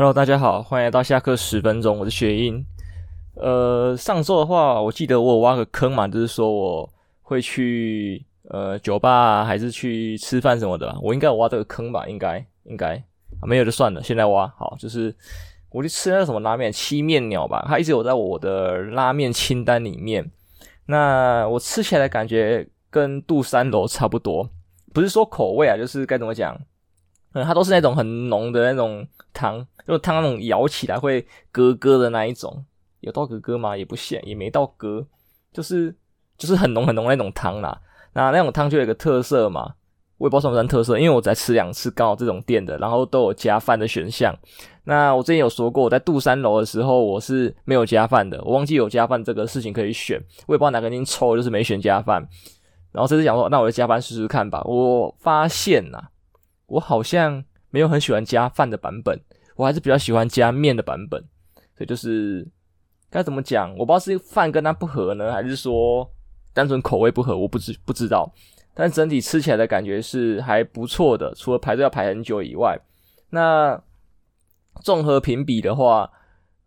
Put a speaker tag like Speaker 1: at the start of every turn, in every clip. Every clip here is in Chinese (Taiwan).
Speaker 1: Hello，大家好，歡迎來到下課十分鐘。我是雪英，呃，上週的話，我記得我有挖個坑嘛，就是說我會去呃酒吧還是去吃飯什麼的。我應該有挖這個坑吧？應該應該、啊、沒有就算了。現在挖好，就是我去吃那個什麼拉麵，七面鳥吧，它一直有在我的拉麵清單裡面。那我吃起來的感覺跟杜三樓差不多，不是說口味啊，就是該怎麼講，嗯，它都是那種很濃的那種湯。就是湯那種舀起來會咯咯的那一種，有到咯咯嗎？也不現，也沒到咯，就是就是很濃很濃那種湯啦。那那種湯就有一個特色嘛，我也不知道算不算特色，因為我只在吃兩次剛好這種店的，然後都有加飯的選項。那我之前有說過，我在杜三樓的時候我是沒有加飯的，我忘記有加飯這個事情可以選，我也不知道哪根筋抽就是沒選加飯。然後這次想說，那我就加飯試試看吧。我發現吶、啊，我好像沒有很喜歡加飯的版本。我還是比較喜歡加麵的版本，所以就是該怎麼講，我不知道是飯跟它不合呢，還是說單純口味不合，我不知不知道。但整體吃起來的感覺是還不錯的，除了排隊要排很久以外，那綜合評比的話。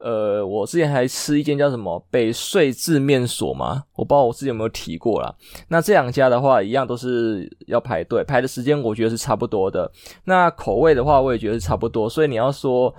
Speaker 1: 呃，我之前還吃一間叫什麼北碎製麵所嘛，我不知道我自己有沒有提過啦。那這兩家的話，一樣都是要排隊，排的時間我覺得是差不多的。那口味的話，我也覺得是差不多。所以你要說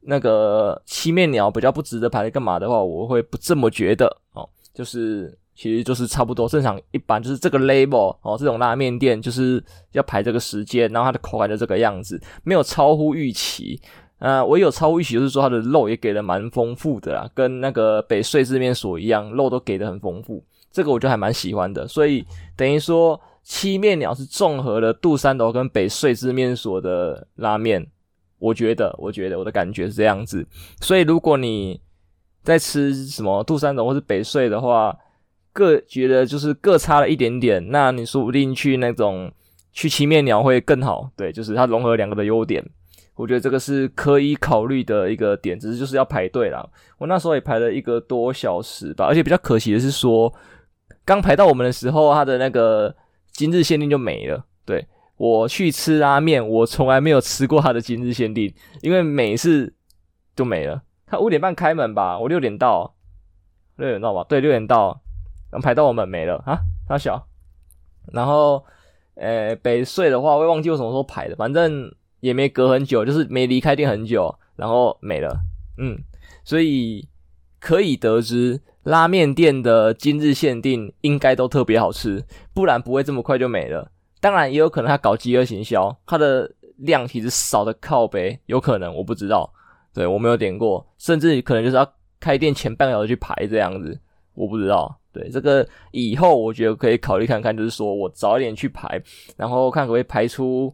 Speaker 1: 那個七面鳥比較不值得排隊幹嘛的話，我會不這麼覺得哦。就是其實就是差不多，正常一般就是這個 label 哦，這種拉麵店就是要排這個時間，然後它的口感就這個樣子，沒有超乎預期。啊，我一有超預期，就是說它的肉也給的蠻豐富的啦，跟那個北穗製麵所一樣，肉都給的很豐富，這個我就還蠻喜歡的。所以等於說七面鳥是綜合了杜山樓跟北穗製麵所的拉麵，我覺得，我覺得我的感覺是這樣子。所以如果你在吃什麼杜山樓或是北穗的話，各覺得就是各差了一點點，那你說不定去那種去七面鳥會更好，對，就是它融合兩個的優點。我覺得這個是可以考慮的一個點，只是就是要排隊啦。我那時候也排了一個多小時吧，而且比較可惜的是說，剛排到我們的時候，他的那個今日限定就沒了。對。我去吃拉麵，我從來沒有吃過他的今日限定，因為每次就沒了。他五點半開門吧，我六點到，六點到吧？對，六點到，然後排到我們沒了啊，他小。然後，呃、欸，北碎的話，我也忘記我什麼時候排的，反正。也沒隔很久，就是沒離開店很久，然後沒了。嗯，所以可以得知拉麵店的今日限定應該都特別好吃，不然不會這麼快就沒了。當然也有可能他搞飢餓行銷，他的量其實少得靠北，有可能我不知道。對，我沒有點過，甚至可能就是要開店前半個小時去排這樣子，我不知道。對，這個以後我覺得可以考慮看看，就是說我早一點去排，然後看可不可以排出。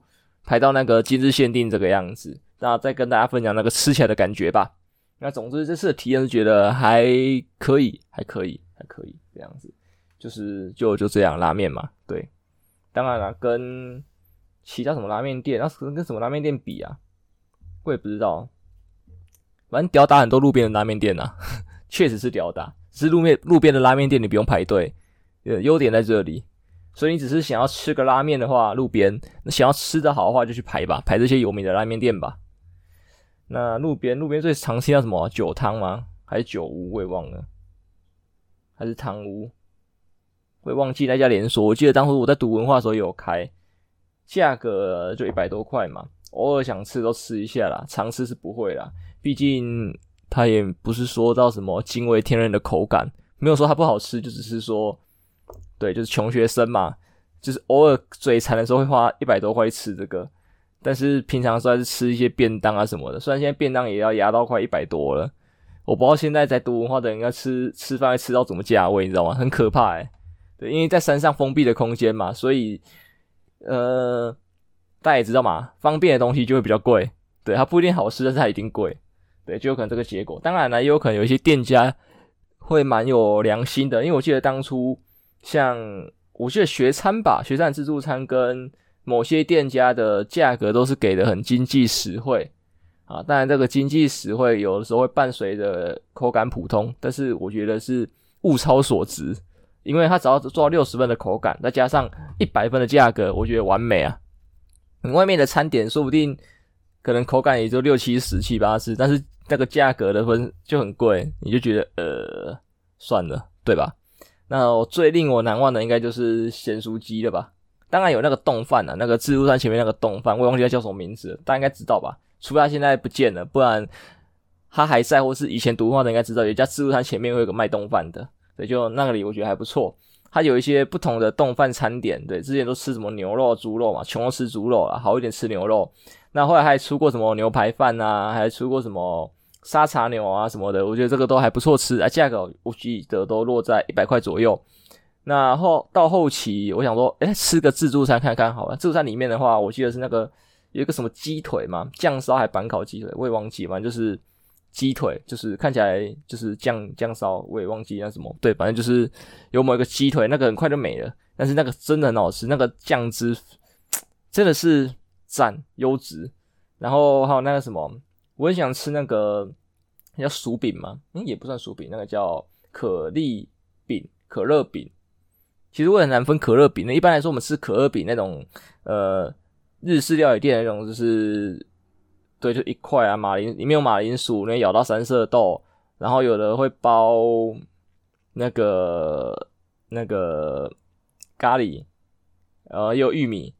Speaker 1: 排到那個今日限定這個樣子，那再跟大家分享那個吃起來的感覺吧。那總之這次的體驗是覺得還可以，還可以，還可以這樣子，就是就就這樣拉麵嘛。對，當然了、啊，跟其他什麼拉麵店，那、啊、跟什麼拉麵店比啊，我也不知道。反正屌打很多路邊的拉麵店吶、啊，確實是屌打，只是路面路邊的拉麵店，你不用排隊，呃，優點在這裡。所以你只是想要吃個拉麵的話，路邊那想要吃的好的話，就去排吧，排這些有名的拉麵店吧。那路邊路邊最常吃叫什麼？酒湯嗎？還是酒屋？我也忘了，還是湯屋？我也忘記那家連鎖。我記得當時我在讀文化的時候有開，價格就一百多塊嘛。偶爾想吃都吃一下啦，常吃是不會啦。畢竟它也不是說到什麼驚為天人的口感，沒有說它不好吃，就只是說。對，就是窮學生嘛，就是偶爾嘴饞的時候會花一百多塊吃這個，但是平常算是吃一些便當啊什麼的，雖然現在便當也要壓到快一百多了，我不知道現在在讀文化的人應該吃吃飯會吃到什麼價位，你知道嗎？很可怕欸。對，因為在山上封閉的空間嘛，所以呃，大家也知道嘛，方便的東西就會比較貴。對，它不一定好吃，但是它一定貴。對，就有可能這個結果。當然呢，也有可能有一些店家會蠻有良心的，因為我記得當初。像我覺得學餐吧，學餐自助餐跟某些店家的價格都是給的很經濟實惠啊，當然這個經濟實惠有的時候會伴隨着口感普通，但是我覺得是物超所值，因為他只要做到六十分的口感，再加上一百分的價格，我覺得完美啊。外面的餐點說不定可能口感也就六七十七八十，但是那個價格的分就很貴，你就覺得呃算了，對吧？那我最令我難忘的應該就是鹹酥雞了吧？當然有那個丼飯吶，那個自助餐前面那個丼飯，我忘記它叫什麼名字了，大家應該知道吧？除非他現在不見了，不然它還在，或是以前讀過的應該知道，有一家自助餐前面會有個賣丼飯的，對，就那個裡我覺得還不錯，它有一些不同的丼飯餐點，對，之前都吃什麼牛肉、豬肉嘛，窮吃豬肉啦，好一點吃牛肉，那後來還出過什麼牛排飯啊，還出過什麼。沙茶牛啊什麼的，我覺得這個都還不錯吃啊，價格我記得都落在一百塊左右。那後到後期，我想說，哎、欸，吃個自助餐看看好了。自助餐裡面的話，我記得是那個有一個什麼雞腿嘛，醬燒還板烤雞腿，我也忘記，反正就是雞腿，就是看起來就是醬醬燒，我也忘記那什麼，對，反正就是有某一個雞腿，那個很快就沒了，但是那個真的很好吃，那個醬汁真的是讚，優質。然後還有、哦、那個什麼。我很想吃那個，叫薯餅嗎？嗯，也不算薯餅，那個叫可麗餅、可樂餅。其實我也很難分可樂餅，那一般來說我們吃可樂餅那種，呃，日式料理店那種，就是，對，就一塊啊，馬鈴裡面有馬鈴薯，那個，咬到三色豆，然後有的會包那個那個咖喱，呃，也有玉米。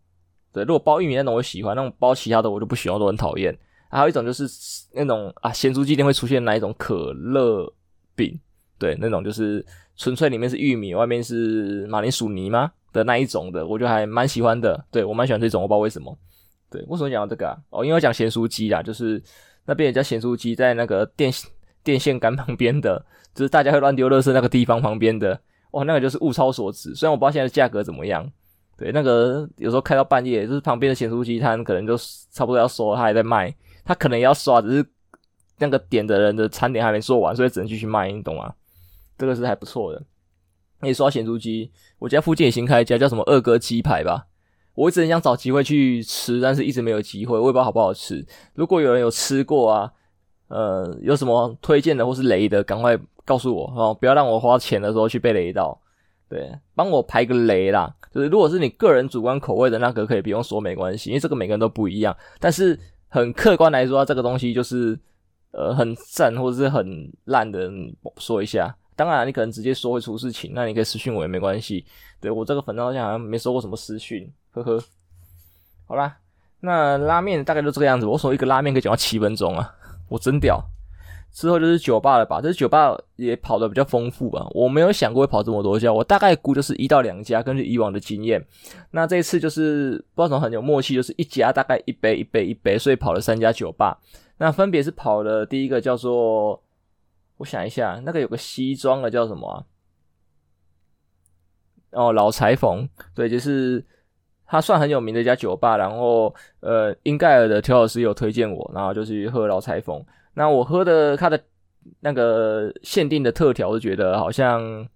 Speaker 1: 對，如果包玉米那種我喜歡，那種包其他的我就不喜歡，我都很討厭。還有一種就是那種啊，鹹酥雞店會出現那一種可樂餅，對，那種就是純粹裡面是玉米，外面是馬鈴薯泥嗎的那一種的，我就還蠻喜歡的。對，我蠻喜歡這種，我不知道為什麼。對，為什麼講到這個啊？哦，因為我講鹹酥雞啦，就是那邊也叫鹹酥雞，在那個電線電線桿旁邊的，就是大家會亂丟垃圾那個地方旁邊的，哇，那個就是物超所值。雖然我不知道現在的價格怎麼樣，對，那個有時候開到半夜，就是旁邊的鹹酥雞攤可能就差不多要收了，他還在賣。他可能也要刷，只是那個點的人的餐點還沒做完，所以只能繼續賣，你懂嗎？這個是還不錯的。你、欸、刷鹹酥雞，我家附近也新開一家叫什麼“二哥雞排”吧，我一直很想找機會去吃，但是一直沒有機會，我也不知道好不好吃。如果有人有吃過啊，呃，有什麼推薦的或是雷的，趕快告訴我哦，不要讓我花錢的時候去被雷到。對，幫我排個雷啦。就是如果是你個人主觀口味的那個，可以不用說沒關係，因為這個每個人都不一樣，但是。很客觀來說啊，這個東西就是，呃，很讚或者是很爛的，說一下。當然，你可能直接說會出事情，那你可以私訊我也沒關係。對，我這個粉，好像沒收過什麼私訊，呵呵。好啦，那拉麵大概就這個樣子。我從一個拉麵可以講到七分鐘啊，我真屌。之後就是酒吧了吧，這酒吧也跑的比較豐富吧。我沒有想過會跑這麼多家，我大概估就是一到兩家，根據以往的經驗。那這次就是不知道怎麼很有默契，就是一家大概一杯一杯一杯、一杯，所以跑了三家酒吧。那分別是跑了第一個叫做，我想一下，那個有個西裝的叫什麼啊？哦，老裁縫，對，就是他算很有名的一家酒吧。然後呃，英蓋爾的調酒師有推薦我，然後就去喝老裁縫。那我喝的它的那個限定的特調，就覺得好像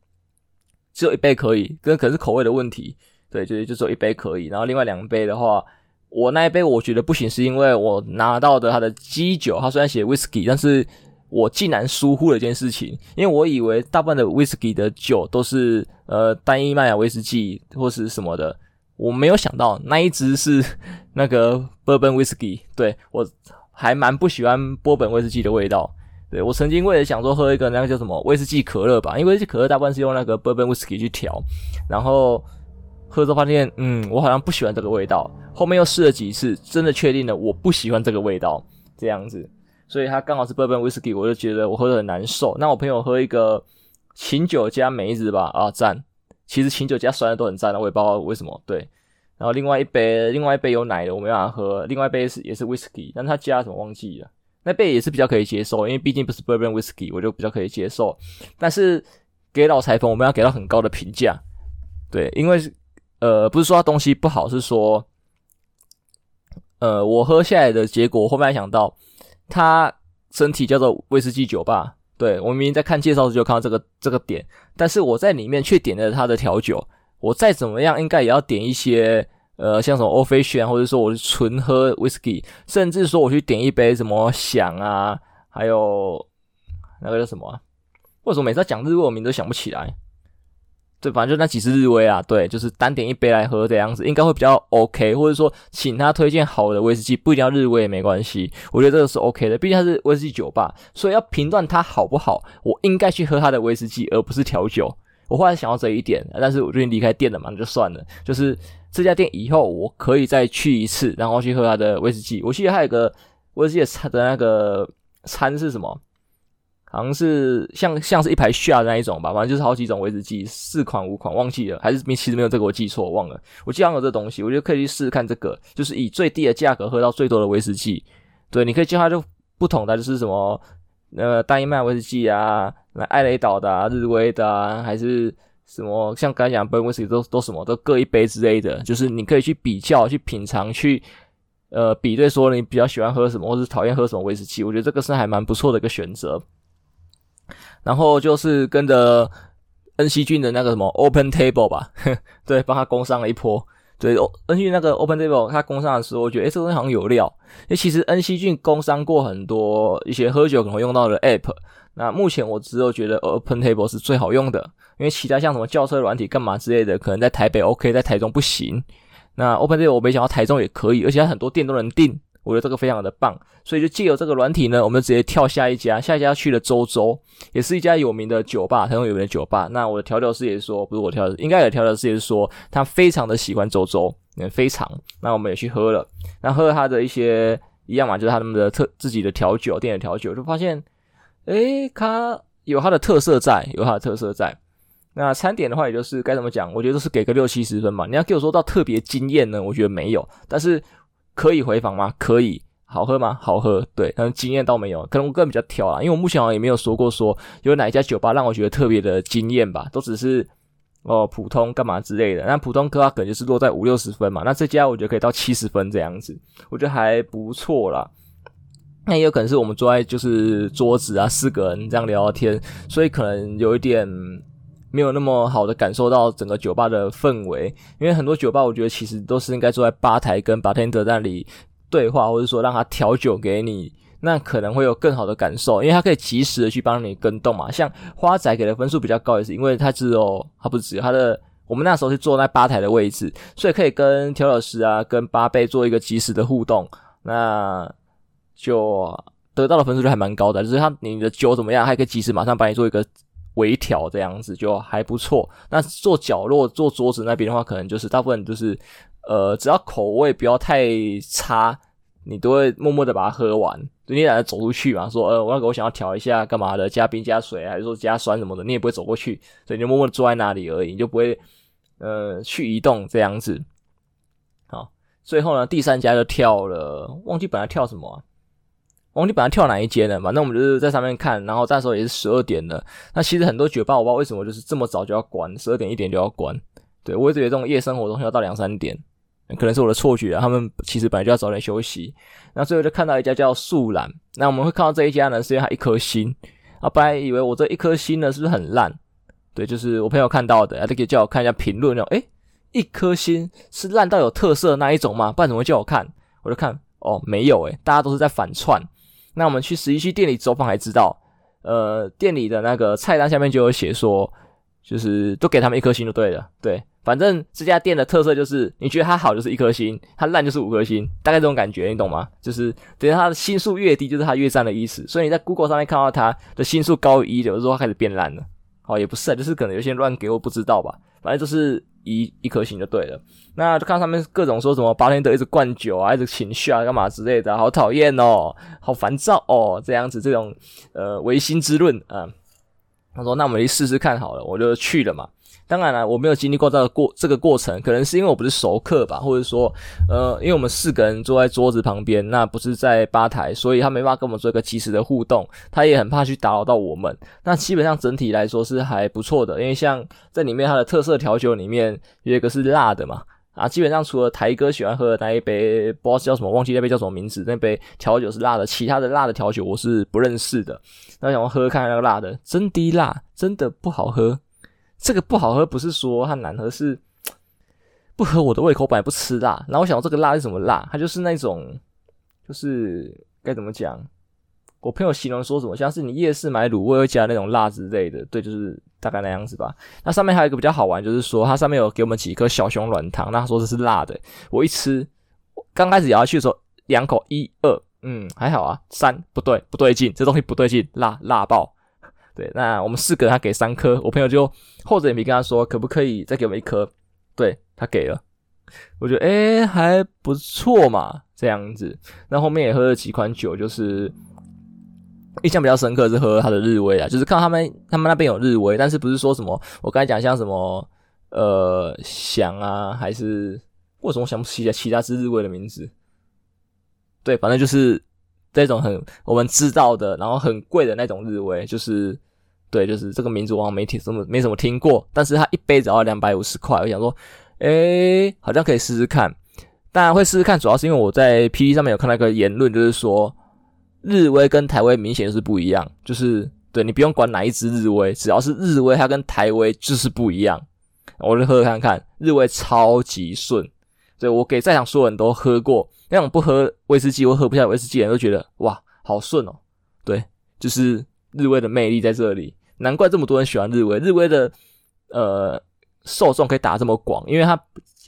Speaker 1: 只有一杯可以，跟可是口味的問題。對，就是就只有一杯可以。然後另外兩杯的話，我那一杯我覺得不行，是因為我拿到的它的基酒，它雖然寫 whisky，但是我竟然疏忽了一件事情，因為我以為大部分的 whisky 的酒都是呃單一麥芽威士忌或是什麼的，我沒有想到那一只是那個 bourbon whisky。對我。還蠻不喜歡波本威士忌的味道，對，我曾經為了想說喝一個那個叫什麼威士忌可樂吧，因為威士忌可樂大部分是用那個波本威士忌去調，然後喝着發現，嗯，我好像不喜歡這個味道。後面又試了幾次，真的確定了我不喜歡這個味道，這樣子，所以它剛好是波本威士忌，我就覺得我喝的很難受。那我朋友喝一個琴酒加梅子吧，啊，讚，其實琴酒加酸的都很讚，我也不知道為什麼，對。然後另外一杯，另外一杯有奶的我沒辦法喝，另外一杯是也是 whisky，但他加什麼忘記了。那杯也是比較可以接受，因為畢竟不是 bourbon whisky，我就比較可以接受。但是給老裁縫，我們要給到很高的評價，對，因為呃不是說他東西不好，是說呃我喝下來的結果，我後面還想到他身體叫做威士忌酒吧，對我明明在看介紹的時候，就看到這個這個點，但是我在裡面卻點了他的調酒。我再怎麼樣，應該也要點一些，呃，像什麼 Old Fashioned 或者說我純喝威士忌，甚至說我去點一杯什麼響啊，還有那個叫什麼、啊，為什麼每次要講日威我名字想不起來？對，反正就那幾支日威啊，對，就是單點一杯來喝的樣子，應該會比較 OK，或者說請他推薦好的威士忌，不一定要日威也沒關係。我覺得這個是 OK 的，畢竟它是威士忌酒吧，所以要評斷它好不好，我應該去喝它的威士忌，而不是調酒。我忽然想到這一點，但是我就已經離開店了嘛，那就算了。就是這家店以後我可以再去一次，然後去喝他的威士忌。我記得還有一個威士忌餐的那個餐是什麼？好像是像像是一排下的那一種吧，反正就是好幾種威士忌，四款五款忘記了，還是沒其實沒有這個我記錯，我忘了。我記得有這個東西，我覺得可以去試試看這個，就是以最低的價格喝到最多的威士忌。對，你可以叫它就不同的就是什麼。呃，單一麥威士忌啊，那艾雷島的，啊，日威的，啊，還是什麼？像剛才講，杯威士忌都都什麼都各一杯之類的，就是你可以去比較、去品嘗、去呃比對，說你比較喜歡喝什麼，或是討厭喝什麼威士忌。我覺得這個是還蠻不錯的一個選擇。然後就是跟着恩熙郡的那個什麼 Open Table 吧，呵對，幫他攻上了一波。對，N.C. 那個 Open Table，他工商的時候，我覺得，誒、欸、這東西好像有料。其實 NCG 工商過很多一些喝酒可能會用到的 App，那目前我只有覺得 Open Table 是最好用的，因為其他像什麼叫車軟體、幹嘛之類的，可能在台北 OK，在台中不行。那 Open Table 我沒想到台中也可以，而且它很多店都能訂。我覺得這個非常的棒，所以就借由這個軟體呢，我們直接跳下一家，下一家去了周周，也是一家有名的酒吧，很有名的酒吧。那我的調酒師也是說，不是我調，應該有調酒師也是說，他非常的喜歡周周，嗯，非常。那我們也去喝了，那喝了他的一些一樣嘛，就是他們的特自己的調酒店的調酒，就發現，誒，他有他的特色在，有他的特色在。那餐點的話，也就是該怎麼講，我覺得是給個六七十分嘛。你要給我說到特別驚艷呢，我覺得沒有，但是。可以回訪嗎？可以，好喝嗎？好喝，對。但驚艷倒沒有？可能我個人比較挑啊，因為我目前好像也沒有說過說有哪一家酒吧讓我覺得特別的驚艷吧，都只是哦普通幹嘛之類的。那普通客話可能就是落在五六十分嘛。那這家我覺得可以到七十分這樣子，我覺得還不錯啦。那也有可能是我們坐在就是桌子啊，四個人這樣聊聊天，所以可能有一點。沒有那麼好的感受到整個酒吧的氛圍，因為很多酒吧我覺得其實都是應該坐在吧台跟 bartender 那裡對話，或者說讓他調酒給你，那可能會有更好的感受，因為他可以及時的去幫你跟動嘛。像花仔給的分數比較高也是，因為他只有他不止他的，我們那時候是坐在吧台的位置，所以可以跟調酒師啊，跟八倍做一個及時的互動，那就得到的分數就還蠻高的，就是他你的酒怎麼樣，他可以及時馬上幫你做一個。微調這樣子就還不錯。那坐角落坐桌子那邊的話，可能就是大部分就是，呃，只要口味不要太差，你都會默默的把它喝完。就你懶得走出去嘛，說呃，我我想要調一下幹嘛的，加冰加水還是說加酸什麼的，你也不會走過去，所以你就默默的坐在那裡而已，你就不會呃去移動這樣子。好，最後呢，第三家就跳了，忘記本來跳什麼啊？忘、哦、你本來跳哪一間呢，反正我們就是在上面看，然後在那時候也是十二點了。那其實很多酒吧，我不知道為什麼就是這麼早就要關，十二點一點就要關。對我一直覺得這種夜生活東西要到兩三點，可能是我的錯覺啦。他們其實本來就要早點休息。那最後就看到一家叫素蘭，那我們會看到這一家呢是因為它一顆星啊，本來以為我這一顆星呢是不是很爛？對，就是我朋友看到的，他可以叫我看一下評論那種。誒、欸、一顆星是爛到有特色的那一種嗎？不然怎麼會叫我看？我就看，哦，沒有、欸，誒，大家都是在反串。那我們去十一區店裡走訪，才知道，呃，店裡的那個菜單下面就有寫說，就是都給他們一顆星就對了。對，反正這家店的特色就是，你覺得它好就是一顆星，它爛就是五顆星，大概這種感覺你懂嗎？就是等於它的星數越低，就是它越佔的意思。所以你在 Google 上面看到它的星數高於一有的時候，它開始變爛了。好、哦，也不是就是可能有些人亂給，我不知道吧。反正就是。一一顆星就對了，那就看他們各種說什麼巴天德一直灌酒啊，一直情緒啊，幹嘛之類的，好討厭哦，好煩躁哦，這樣子這種呃唯心之論啊、嗯，他說，那我們去試試看好了，我就去了嘛。當然了、啊，我沒有經歷過這個過這個過程，可能是因為我不是熟客吧，或者說，呃，因為我們四個人坐在桌子旁邊，那不是在吧台，所以他沒辦法跟我們做一個及時的互動。他也很怕去打擾到我們。那基本上整體來說是還不錯的，因為像在裡面它的特色調酒裡面有一個是辣的嘛，啊，基本上除了台哥喜歡喝的那一杯，不知道叫什麼，忘記那杯叫什麼名字，那杯調酒是辣的，其他的辣的調酒我是不認識的。那我想我喝看看那個辣的，真滴辣，真的不好喝。這個不好喝，不是說它難喝，是不合我的胃口。本來不吃辣，然後我想到這個辣是什麼辣，它就是那種，就是該怎麼講？我朋友形容說什麼，像是你夜市買滷味會加那種辣之類的，對，就是大概那樣子吧。那上面還有一個比較好玩，就是說它上面有給我們幾顆小熊軟糖，那說這是辣的，我一吃，剛開始咬下去的時候，兩口，一二，嗯，還好啊，三，不對，不對勁，這東西不對勁，辣辣爆。對，那我們四個人他給三顆，我朋友就厚着臉皮跟他說，可不可以再給我們一顆？對，他給了，我覺得哎還不錯嘛，這樣子。那後面也喝了幾款酒，就是印象比較深刻是喝他的日威啊，就是看到他們他們那邊有日威，但是不是說什麼？我剛才講像什麼呃響啊，還是為什麼我怎麼想不起來其他之日威的名字？對，反正就是。這種很我們知道的，然後很貴的那種日威，就是，對，就是這個名字我好像沒聽，什麼沒什麼聽過，但是它一杯只要兩百五十塊，我想說，哎，好像可以試試看，當然會試試看，主要是因為我在 PD 上面有看到一個言論，就是說日威跟台威明顯是不一樣，就是對你不用管哪一支日威，只要是日威，它跟台威就是不一樣，我就喝喝看看，日威超級順。對，我給在場所有人都喝過，那種不喝威士忌、我喝不下威士忌的人都覺得哇，好順哦，喔。對，就是日威的魅力在這裡，難怪這麼多人喜歡日威。日威的呃受眾可以打這麼廣，因為他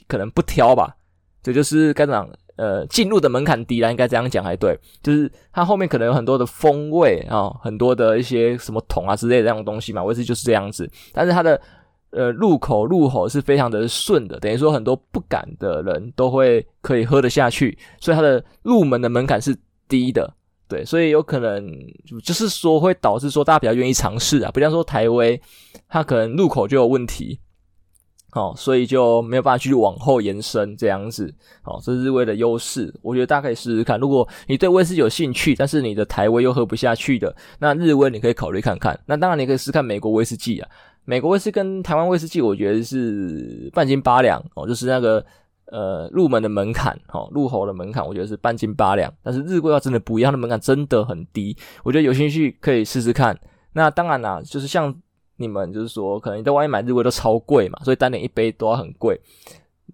Speaker 1: 可能不挑吧。這就，就是該講呃進入的門檻低啦，應該這樣講才對。就是它後面可能有很多的風味啊，很多的一些什麼桶啊之類的這樣東西嘛，威士忌就是這樣子。但是它的呃，入口入喉是非常的順的，等於說很多不敢的人都會可以喝得下去，所以它的入門的門檻是低的，對，所以有可能就是說會導致說大家比較願意嘗試啊，不像說台威，它可能入口就有問題，哦，所以就沒有辦法去往後延伸這樣子，哦，這是日威的優勢，我覺得大家可以試試看，如果你對威士忌有興趣，但是你的台威又喝不下去的，那日威你可以考慮看看，那當然你可以試看美國威士忌啊。美國威士忌跟臺灣威士忌，我覺得是半斤八兩哦，就是那個呃入門的門檻哦，入喉的門檻，我覺得是半斤八兩。但是日威要真的不一樣，它的門檻真的很低，我覺得有興趣可以試試看。那當然啦、啊，就是像你們就是說，可能你在外面買日威都超貴嘛，所以單點一杯都要很貴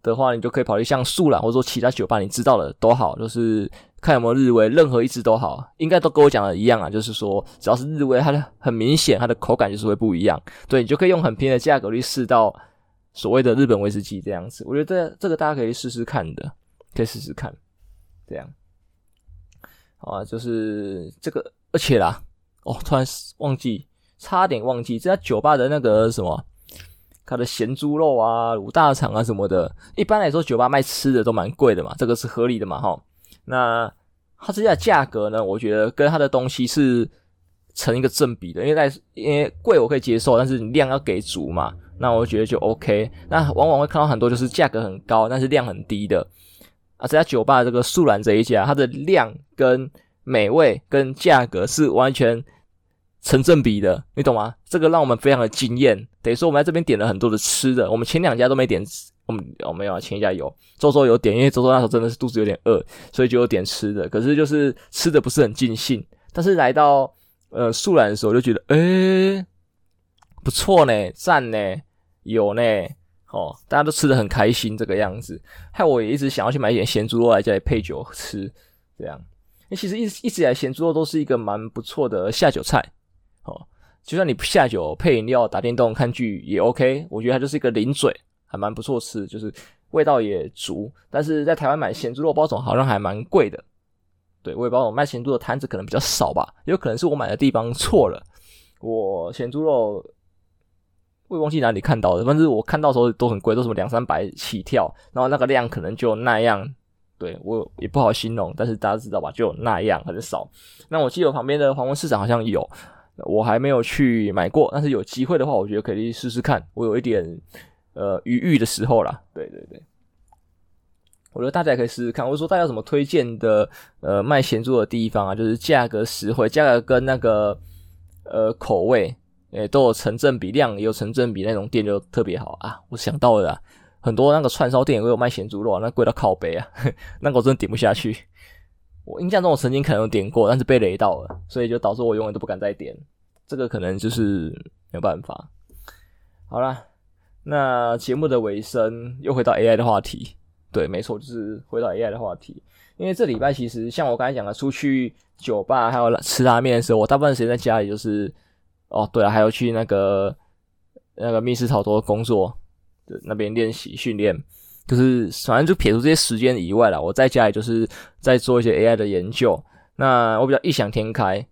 Speaker 1: 的話，你就可以跑去像樹懶或者說其他酒吧，你知道的都好，就是。看有沒有日威，任何一支都好，應該都跟我講的一樣啊，就是說只要是日威，它的很明顯，它的口感就是會不一樣。對，你就可以用很便宜的價格去試到所謂的日本威士忌這樣子，我覺得這個大家可以試試看的，可以試試看，這樣，好啊，就是這個，而且啦，哦，突然忘記，差點忘記這家酒吧的那個什麼，它的鹹豬肉啊、滷大腸啊什麼的，一般來說酒吧賣吃的都蠻貴的嘛，這個是合理的嘛，吼。那他這家的價格呢？我覺得跟他的東西是成一個正比的，因為在因為貴我可以接受，但是你量要給足嘛，那我覺得就 OK。那往往會看到很多就是價格很高，但是量很低的。啊，這家酒吧的這個素然這一家，它的量跟美味跟價格是完全成正比的，你懂嗎？這個讓我們非常的驚艷。等於說我們在這邊點了很多的吃的，我們前兩家都沒點。我們我沒有啊，請一下有周周有點，因為周周那時候真的是肚子有點餓，所以就有點吃的。可是就是吃的不是很盡興。但是來到呃樹蘭的時候，就覺得哎、欸、不錯呢，贊呢，有呢，哦，大家都吃的很開心這個樣子。害我也一直想要去買一點鹹豬肉來家裡配酒吃，這樣。那其實一直一直以來鹹豬肉都是一個蠻不錯的下酒菜，哦，就算你不下酒配飲料、打電動、看劇也 OK。我覺得它就是一個零嘴。還蠻不錯吃，就是味道也足。但是在台灣買鹹豬肉包總好像還蠻貴的。對，我也包總賣鹹豬肉的攤子可能比較少吧，也有可能是我買的地方錯了。我鹹豬肉，我忘記哪裡看到的，但是我看到的時候都很貴，都什麼兩三百起跳，然後那個量可能就那樣。對我也不好形容，但是大家知道吧，就那樣很少。那我記得旁邊的黃昏市場好像有，我還沒有去買過，但是有機會的話，我覺得可以去試試看。我有一點。呃，魚悅的時候啦，對對對，我覺得大家也可以試試看。我說大家有什麼推薦的呃賣鹹豬的地方啊？就是價格實惠，價格跟那個呃口味誒、欸、都有成正比，量也有成正比那種店就特別好啊。我想到了啦，很多那個串燒店也會有賣鹹豬肉，啊，那貴到靠北啊，那個我真的點不下去。我印象中我曾經可能有點過，但是被雷到了，所以就導致我永遠都不敢再點。這個可能就是沒有辦法。好啦。那節目的尾聲又回到 AI 的話題，對，沒錯，就是回到 AI 的話題。因為這禮拜其實像我剛才講的，出去酒吧還有吃拉麵的時候，我大部分時間在家裡，就是哦，對啦，還有去那個那個密室逃脫工作，那邊練習訓練，就是反正就撇除這些時間以外啦，我在家裡就是在做一些 AI 的研究。那我比較異想天開，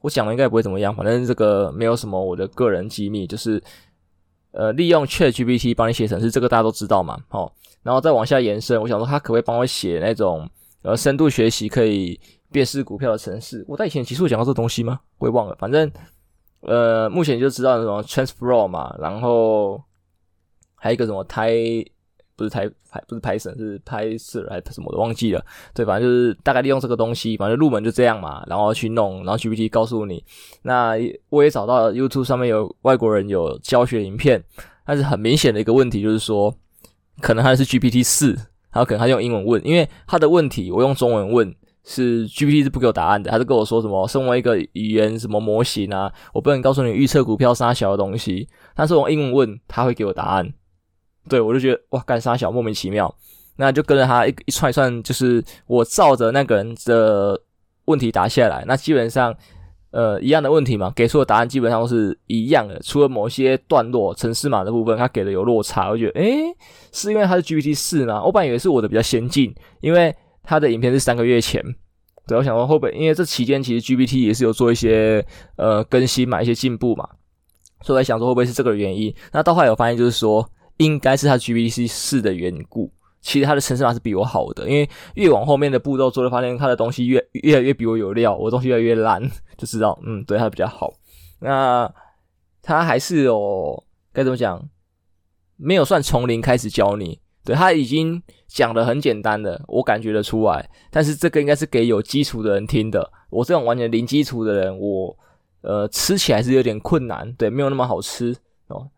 Speaker 1: 我講的應該不會怎麼樣，反正這個沒有什麼我的個人機密，就是。呃，利用 ChatGPT 幫你寫程式，這個大家都知道嘛，好、哦，然後再往下延伸，我想說他可不可以幫我寫那種呃深度學習可以辨識股票的程式？我、哦、在以前其實我講過這東西嗎？我也忘了，反正呃目前就知道什麼 Transformer 嘛，然後還有一個什麼 t 太。不是 Python 不是 Python 是 Python 還是什麼的忘記了，對，反正就是大概利用這個東西，反正入門就這樣嘛，然後去弄，然後 GPT 告訴你。那我也找到了 YouTube 上面有外國人有教學影片，但是很明顯的一個問題就是說，可能他是 GPT 四，然後可能他用英文問，因為他的問題我用中文問是 GPT 是不給我答案的，他是跟我說什麼，身為一個語言什麼模型啊，我不能告訴你預測股票殺小的東西，但是用英文問他會給我答案。對，我就覺得哇，幹啥小，莫名其妙，那就跟着他一一串一串，就是我照着那個人的問題答下來，那基本上呃一樣的問題嘛，給出的答案基本上都是一樣的，除了某些段落、程式碼的部分，他給的有落差，我覺得哎、欸，是因為他是 GPT 四嗎？我本以為是我的比較先進，因為他的影片是三個月前，對，我想說會不會，因為這期間其實 GPT 也是有做一些呃更新嘛，買一些進步嘛，所以我在想說會不會是這個原因？那到後來我發現就是說。應該是他 GBC 四的緣故，其實他的程式碼是比我好的，因為越往後面的步驟做了，發現他的東西越越來越比我有料，我的東西越來越爛，就知道嗯，對他比較好。那他還是哦，該怎麼講？沒有算從零開始教你，對他已經講的很簡單的，我感覺得出來。但是這個應該是給有基礎的人聽的，我這種完全零基礎的人，我呃吃起來是有點困難，對，沒有那麼好吃哦。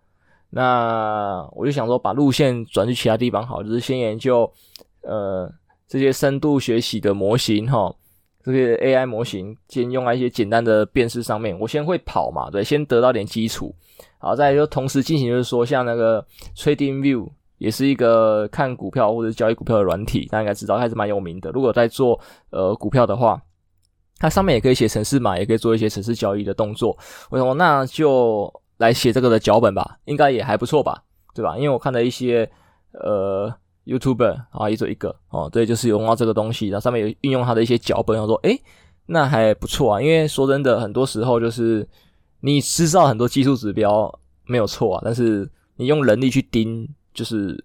Speaker 1: 那我就想說，把路線轉去其他地方好，就是先研究，呃，這些深度學習的模型哈，這些 AI 模型先用在一些簡單的辨識上面。我先會跑嘛，對，先得到點基礎，好，再來，就同時進行，就是說像那個 Trading View 也是一個看股票或者交易股票的軟體，大家應該知道，它還是蠻有名的。如果在做呃股票的話，它上面也可以寫程式碼，也可以做一些程式交易的動作。為什麼？那就來寫這個的腳本吧，應該也還不錯吧，對吧？因為我看了一些，呃，YouTuber 啊，一做一個哦、啊，對，就是有用到這個東西，然後上面有運用它的一些腳本，我說，誒、欸、那還不錯啊。因為說真的，很多時候就是你知道很多技術指標沒有錯啊，但是你用人力去盯，就是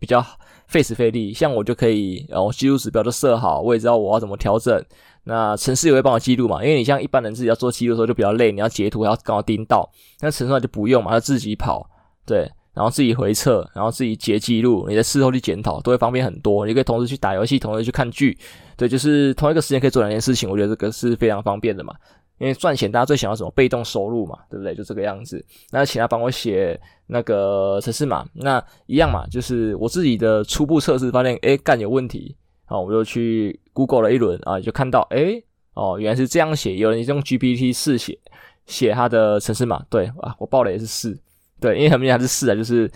Speaker 1: 比較費時費力。像我就可以，然後技術指標都設好，我也知道我要怎麼調整。那程式也會幫我記錄嘛？因為你像一般人自己要做記錄的時候就比較累，你要截圖，還要剛好盯到。那程式就不用嘛，他自己跑，對，然後自己回測，然後自己截記錄，你在事後去檢討都會方便很多。你可以同時去打遊戲，同時去看劇，對，就是同一個時間可以做兩件事情，我覺得這個是非常方便的嘛。因為賺錢大家最想要什麼？被動收入嘛，對不對？就這個樣子。那請他幫我寫那個程式嘛，那一樣嘛，就是我自己的初步測試發現，哎、欸，干有問題。哦，我又去 Google 了一輪啊，就看到，哎、欸，哦，原來是這樣寫，有人用 GPT 四寫寫他的程式碼。對啊，我報了也是四，對，因為很明顯是四啊，就是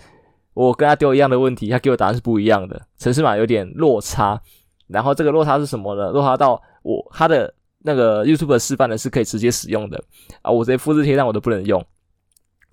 Speaker 1: 我跟他丟一樣的問題，他給我答案是不一樣的，程式碼有點落差，然後這個落差是什麼呢？落差到我他的那個 YouTube 示範的是可以直接使用的啊，我直接複製貼上我都不能用，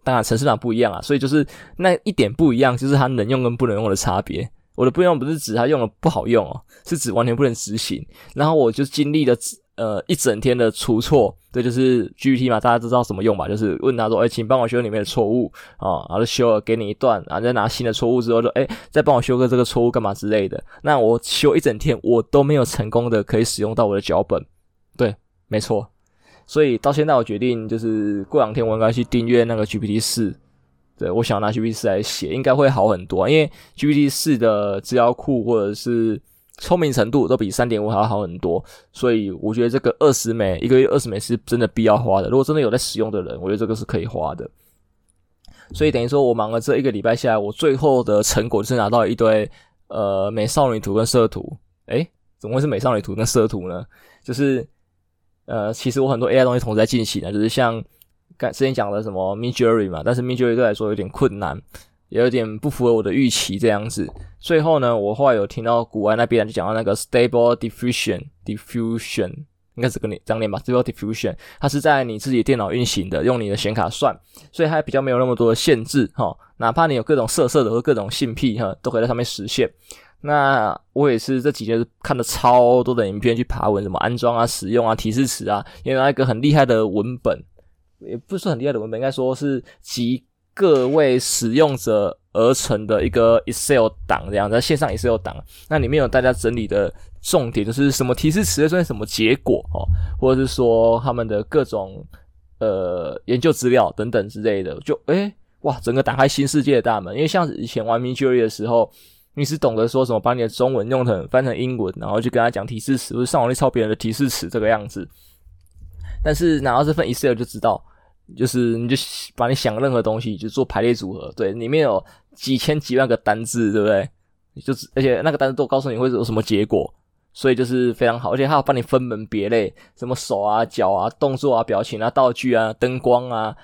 Speaker 1: 當然程式碼不一樣啊，所以就是那一點不一樣，就是它能用跟不能用的差別。我的不用不是指它用了不好用哦，是指完全不能執行。然後我就經歷了呃一整天的除錯，這就是 GPT 嘛，大家知道怎麼用吧？就是問他說：“哎、欸，請幫我修裡面的錯誤啊。哦”然後就修了給你一段，然後再拿新的錯誤之後，說、欸，哎再幫我修個這個錯誤幹嘛之類的。那我修一整天，我都沒有成功的可以使用到我的腳本。對，沒錯。所以到現在，我決定就是過兩天我應該去訂閱那個 GPT 四。對，我想拿 GPT 四來寫，應該會好很多啊，因為 GPT 四的資料庫或者是聰明程度都比三點五還要好很多，所以我覺得這個二十美，一個月二十美是真的必要花的。如果真的有在使用的人，我覺得這個是可以花的。所以等於說我忙了這一個禮拜下來，我最後的成果就是拿到一堆呃美少女圖跟色圖。誒，怎麼會是美少女圖跟色圖呢？就是呃，其實我很多 AI 東西同時在進行的啊，就是像。剛之前講的什麼 Midjourney 嘛，但是 Midjourney 對來說有點困難，也有點不符合我的預期這樣子。最後呢，我後來有聽到國外那邊就講到那個 Stable Diffusion，Diffusion Diffusion, 應該是跟你張臉吧，Stable Diffusion 它是在你自己的電腦運行的，用你的顯卡算，所以它比較沒有那麼多的限制哈。哪怕你有各種色色的或各種性癖哈，都可以在上面實現。那我也是這幾天看了超多的影片去爬文，什麼安裝啊、使用啊、提示詞啊，也有那個很厲害的文本。也不是很厲害的文本，我們應該說是集各位使用者而成的一個 Excel 檔這樣，在線上 Excel 檔，那裡面有大家整理的重點，就是什麼提示詞，出現什麼結果哦，或者是說他們的各種呃研究資料等等之類的，就誒，哇，整個打開新世界的大門，因為像以前玩 Midjourney 的時候，你是懂得說什麼把你的中文用成翻成英文，然後就跟他講提示詞，不是上網去抄別人的提示詞這個樣子，但是拿到這份 Excel 就知道。就是你就把你想任何東西就做排列組合，對，裡面有幾千幾萬個單字，對不對？就是而且那個單字都告訴你會有什麼結果，所以就是非常好，而且它要幫你分門別類，什麼手啊、腳啊、動作啊、表情啊、道具啊、燈光啊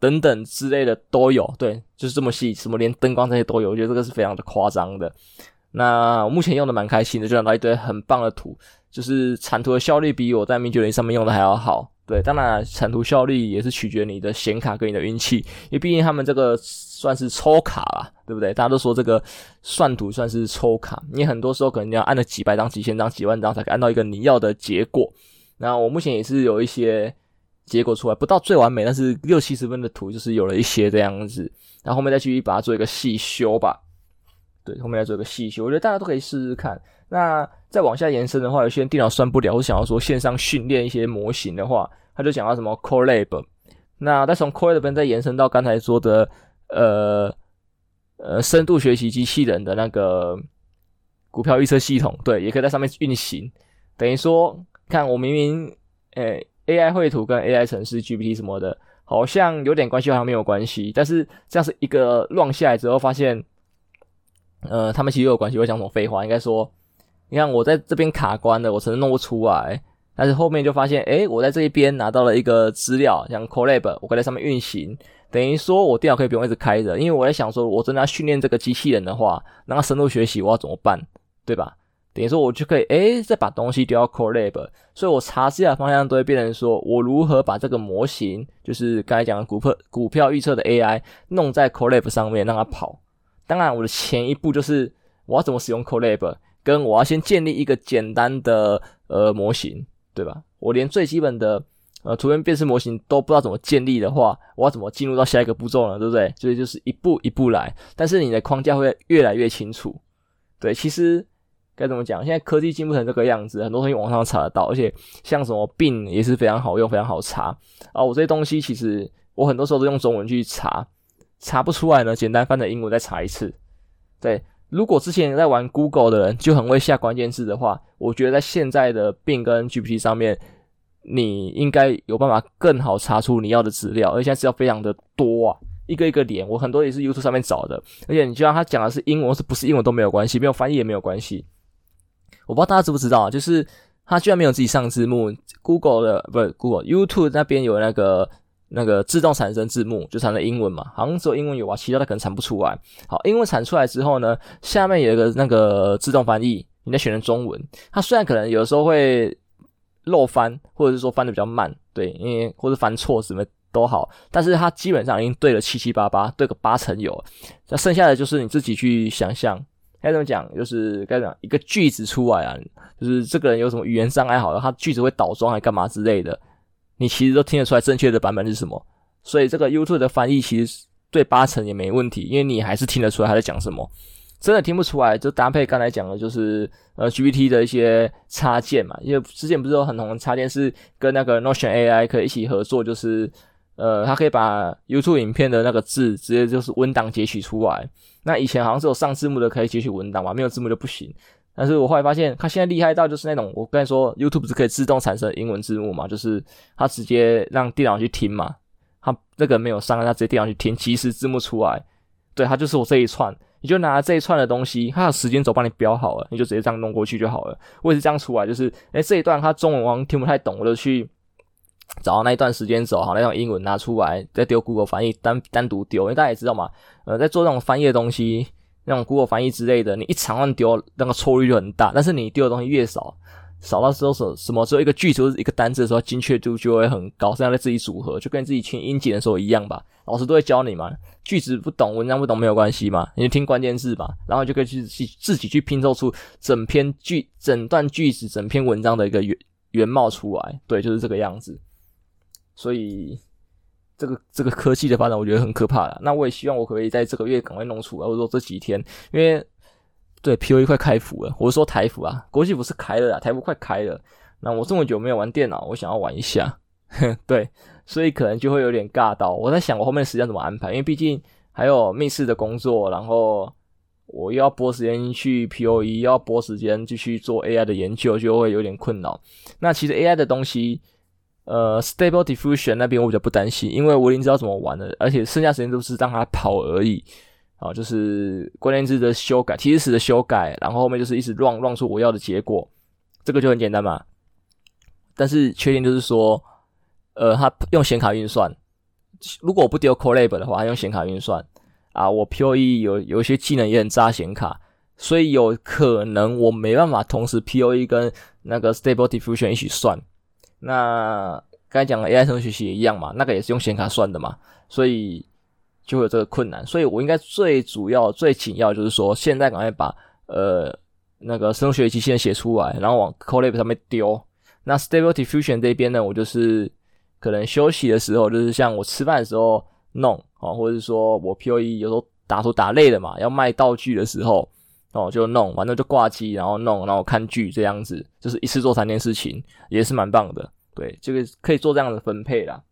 Speaker 1: 等等之類的都有，對，就是這麼細，什麼連燈光這些都有，我覺得這個是非常的誇張的。那我目前用的蠻開心的，就拿到一堆很棒的圖，就是產圖的效率比我在 Midjourney 上面用的還要好。對，當然啊，產圖效率也是取決於你的顯卡跟你的運氣，因為畢竟他們這個算是抽卡啦，對不對？大家都說這個算圖算是抽卡，你很多時候可能要按了幾百張、幾千張、幾萬張才可以按到一個你要的結果。那我目前也是有一些結果出來，不到最完美，但是六七十分的圖就是有了一些這樣子，然後後面再去把它做一個細修吧。對，後面再做一個細修，我覺得大家都可以試試看。那。再往下延伸的話，有些人電腦算不了，或是，想要說線上訓練一些模型的話，他就講到什麼 Colab。那再從 Colab 再延伸到剛才說的呃呃深度學習機器人的那個股票預測系統，對，也可以在上面運行。等於說，看我明明誒、欸、AI 繪圖跟 AI 城市 GPT 什麼的，好像有點關係，好像沒有關係。但是這樣是一個亂下來之後發現，呃，他們其實有關係。我講什麼廢話？應該說。你看我在這邊卡關了，我只能弄不出來。但是後面就發現，哎、欸，我在這一邊拿到了一個資料，像 Colab，我可以在上面運行。等於說我電腦可以不用一直開着，因為我在想說，我真的要訓練這個機器人的話，讓它深度學習，我要怎麼辦，對吧？等於說我就可以，哎、欸，再把東西丟到 Colab。所以我查資料方向都會變成說，我如何把這個模型，就是剛才講的股票股票預測的 AI，弄在 Colab 上面讓它跑。當然，我的前一步就是，我要怎麼使用 Colab。跟我要先建立一個簡單的呃模型，對吧？我連最基本的呃圖片辨識模型都不知道怎麼建立的話，我要怎麼進入到下一個步驟呢？對不對？所以就是一步一步來，但是你的框架會越來越清楚。對，其實該怎麼講？現在科技進步成這個樣子，很多東西網上查得到，而且像什麼 Bing 也是非常好用、非常好查啊。我這些東西其實我很多時候都用中文去查，查不出來呢，簡單翻成英文再查一次，對。如果之前在玩 Google 的人就很會下關鍵字的話，我覺得在現在的 Bing 跟 GPT 上面，你應該有辦法更好查出你要的資料。而且資料非常的多啊，一個一個連我很多也是 YouTube 上面找的。而且你就讓他講的是英文，是不是英文都沒有關係，沒有翻譯也沒有關係。我不知道大家知不知道，就是他居然沒有自己上字幕，Google 的，不是 Google，YouTube 那邊有那個。那個自動產生字幕就產生英文嘛，好像只有英文有啊，其他的可能產不出來。好，英文產出來之後呢，下面有一個那個自動翻譯，你再選成中文。它雖然可能有的時候會漏翻，或者是說翻的比較慢，對，因為或者翻錯什麼都好，但是它基本上已經對了七七八八，對個八成有。那剩下的就是你自己去想象該怎麼講，就是該怎麼講一個句子出來啊，就是這個人有什麼語言障礙，好的，他句子會倒裝還幹嘛之類的。你其實都聽得出來正確的版本是什麼，所以這個 YouTube 的翻譯其實對八成也沒問題，因為你還是聽得出來他在講什麼。真的聽不出來，就搭配剛才講的，就是呃 GPT 的一些插件嘛，因為之前不是有很紅的插件是跟那個 Notion AI 可以一起合作，就是呃，它可以把 YouTube 影片的那個字直接就是文檔截取出來。那以前好像是有上字幕的可以截取文檔嘛，沒有字幕就不行。但是我後來發現，他現在厲害到就是那種，我跟你說，YouTube 是可以自動產生的英文字幕嘛，就是他直接讓電腦去聽嘛，他那個沒有上，他直接電腦去聽，其實字幕出來。對，他就是我這一串，你就拿這一串的東西，他有時間軸幫你標好了，你就直接這樣弄過去就好了。我也是這樣出來，就是誒、欸，這一段他中文我聽不太懂，我就去找到那一段時間軸，好，那種英文拿出來，再丟 Google 翻譯，單單獨丟，因為大家也知道嘛，呃，在做這種翻譯的東西。那種谷歌翻譯之類的，你一長按丟，那個錯率就很大。但是你丟的東西越少，少到時候什麼時候一個句子或一個單字的時候，精確度就會很高。然後在自己組合，就跟自己去音節的時候一樣吧。老師都會教你嘛，句子不懂，文章不懂沒有關係嘛，你就聽關鍵字吧，然後就可以去去自己去拼湊出整篇句、整段句子、整篇文章的一個原原貌出來。對，就是這個樣子。所以。這個這個科技的發展，我覺得很可怕啦。那我也希望我可不可以在這個月趕快弄出來，或者說這幾天，因為對 P O E 快開服了，我是說台服啊，國際服是開了啊，台服快開了。那我這麼久沒有玩電腦，我想要玩一下，對，所以可能就會有點尬到。我在想我後面時間怎麼安排，因為畢竟還有面試的工作，然後我又要撥時間去 P O E，又要撥時間繼續做 A I 的研究，就會有點困擾。那其實 A I 的東西。呃，Stable Diffusion 那邊我比較不擔心，因為我已經知道怎麼玩了，而且剩下時間都是讓它跑而已。啊，就是關鍵字的修改、提示詞的修改，然後後面就是一直亂亂出我要的結果，這個就很簡單嘛。但是缺點就是說，呃，它用顯卡運算，如果我不丟 Collab 的話，它用顯卡運算啊，我 POE 有有一些技能也很渣顯卡，所以有可能我沒辦法同時 POE 跟那個 Stable Diffusion 一起算。那剛才講的 AI 深度學習也一樣嘛，那個也是用顯卡算的嘛，所以就有這個困難。所以我應該最主要、最緊要就是說，現在趕快把呃那個深度學習先寫出來，然後往 Colab 上面丟。那 Stable Diffusion 這邊呢，我就是可能休息的時候，就是像我吃飯的時候弄啊，或者說我 POE 有時候打圖打累了嘛，要賣道具的時候。哦，就弄完了就掛機，然後弄，然後看劇這樣子，就是一次做三件事情，也是蠻棒的。對，這個可以做這樣的分配啦。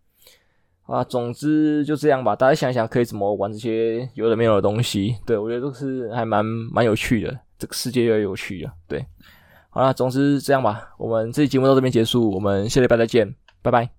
Speaker 1: 啊，總之就這樣吧。大家想一想可以怎麼玩這些有的沒有的東西。對，我覺得都是還蠻蠻有趣的，這個世界越來越有趣了。對，好了，總之這樣吧。我們這期節目到這邊結束，我們下禮拜再見，拜拜。